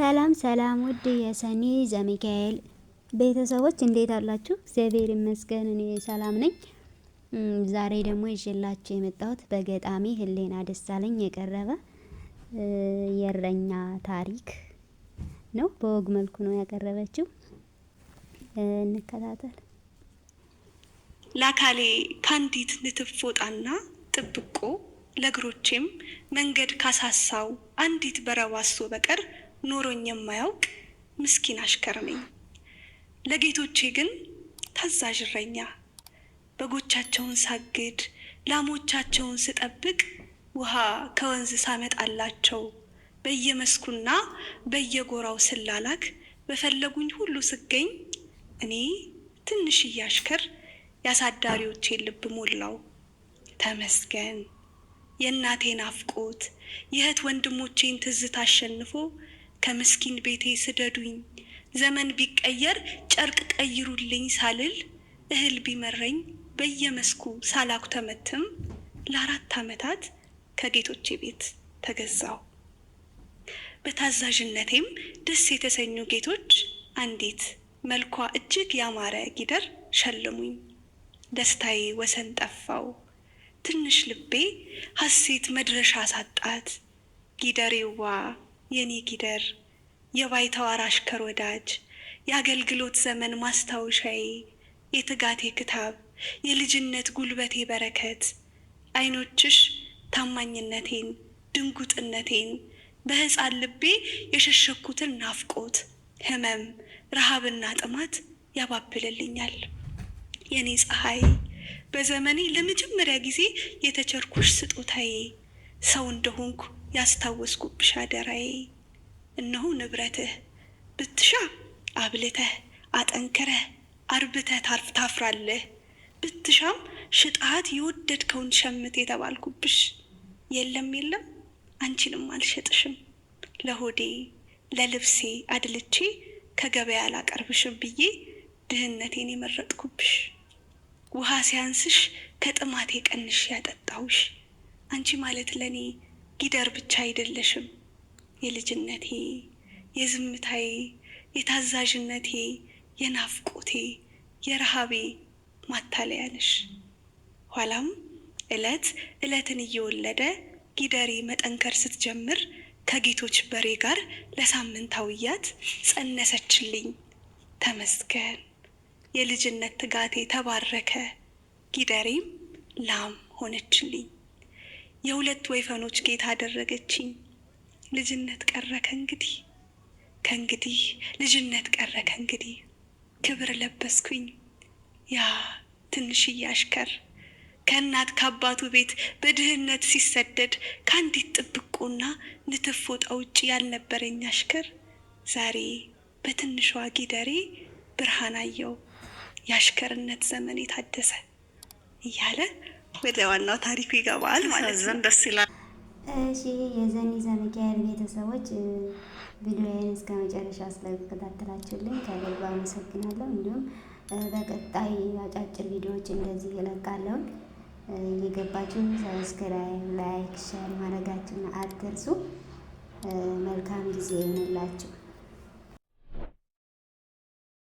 ሰላም ሰላም ውድ የሰኒ ዘሚካኤል ቤተሰቦች እንዴት አላችሁ? እግዚአብሔር ይመስገን እኔ ሰላም ነኝ። ዛሬ ደግሞ ይዤላችሁ የመጣሁት በገጣሚ ህሌና ደሳለኝ የቀረበ የእረኛ ታሪክ ነው። በወግ መልኩ ነው ያቀረበችው። እንከታተል። ላካሌ ካንዲት ንትፎጣና ጥብቆ ለእግሮቼም መንገድ ካሳሳው አንዲት በረዋሶ በቀር ኖሮኝ የማያውቅ ምስኪን አሽከርመኝ ለጌቶቼ ግን ታዛዥ እረኛ፣ በጎቻቸውን ሳግድ፣ ላሞቻቸውን ስጠብቅ፣ ውሃ ከወንዝ ሳመጣላቸው፣ በየመስኩና በየጎራው ስላላክ፣ በፈለጉኝ ሁሉ ስገኝ እኔ ትንሽዬ አሽከር የአሳዳሪዎቼ ልብ ሞላው። ተመስገን የእናቴን ናፍቆት የእህት ወንድሞቼን ትዝታ አሸንፎ ከምስኪን ቤቴ ስደዱኝ፣ ዘመን ቢቀየር ጨርቅ ቀይሩልኝ ሳልል እህል ቢመረኝ በየመስኩ ሳላኩተመትም ለአራት ዓመታት ከጌቶቼ ቤት ተገዛው። በታዛዥነቴም ደስ የተሰኙ ጌቶች አንዲት መልኳ እጅግ ያማረ ጊደር ሸልሙኝ። ደስታዬ ወሰን ጠፋው። ትንሽ ልቤ ሐሴት መድረሻ ሳጣት ጊደሬዋ የኔ ጊደር የባይተዋር አሽከር ከሮዳጅ፣ የአገልግሎት ዘመን ማስታወሻዬ የትጋቴ ክታብ የልጅነት ጉልበቴ በረከት አይኖችሽ ታማኝነቴን ድንጉጥነቴን በሕፃን ልቤ የሸሸኩትን ናፍቆት ህመም ረሃብና ጥማት ያባብልልኛል። የኔ ፀሐይ በዘመኔ ለመጀመሪያ ጊዜ የተቸርኩሽ ስጦታዬ ሰው እንደሆንኩ ያስታወስኩብሽ አደራዬ። እነሆ ንብረትህ ብትሻ አብልተህ አጠንክረህ አርብተህ ታርፍ ታፍራለህ። ብትሻም ሽጣት የወደድከውን ሸምት የተባልኩብሽ። የለም የለም አንቺንም አልሸጥሽም ለሆዴ ለልብሴ አድልቼ ከገበያ አላቀርብሽም ብዬ ድህነቴን የመረጥኩብሽ። ውሃ ሲያንስሽ ከጥማቴ ቀንሽ ያጠጣሁሽ አንቺ ማለት ለእኔ ጊደር ብቻ አይደለሽም። የልጅነቴ፣ የዝምታዬ፣ የታዛዥነቴ፣ የናፍቆቴ፣ የረሃቤ ማታለያ ነሽ። ኋላም እለት እለትን እየወለደ ጊደሬ መጠንከር ስትጀምር ከጌቶች በሬ ጋር ለሳምንታውያት ጸነሰችልኝ። ተመስገን የልጅነት ትጋቴ ተባረከ፣ ጊደሬም ላም ሆነችልኝ። የሁለት ወይፈኖች ጌታ አደረገችኝ። ልጅነት ቀረ ከእንግዲህ ከእንግዲህ ልጅነት ቀረ ከእንግዲህ ክብር ለበስኩኝ ያ ትንሽዬ አሽከር ከእናት ከአባቱ ቤት በድህነት ሲሰደድ ከአንዲት ጥብቁና ንትፍ ወጣ ውጭ ያልነበረኝ አሽከር ዛሬ በትንሿ ጊደሬ ብርሃን አየው የአሽከርነት ዘመን የታደሰ እያለ ወደ ዋናው ታሪኩ ይገባል ማለት ነው። ደስ ይላል። እሺ የዘኒ ዘሚካኤል ቤተሰቦች ቪዲዮዬን እስከ መጨረሻ ስለተከታተላችሁልኝ ከልብ አመሰግናለሁ። እንዲሁም በቀጣይ አጫጭር ቪዲዮዎች እንደዚህ ይለቃለሁ። እየገባችሁ ሰብስክራይብ፣ ላይክ፣ ሸር ማድረጋችሁን አትርሱ። መልካም ጊዜ ይሆንላችሁ።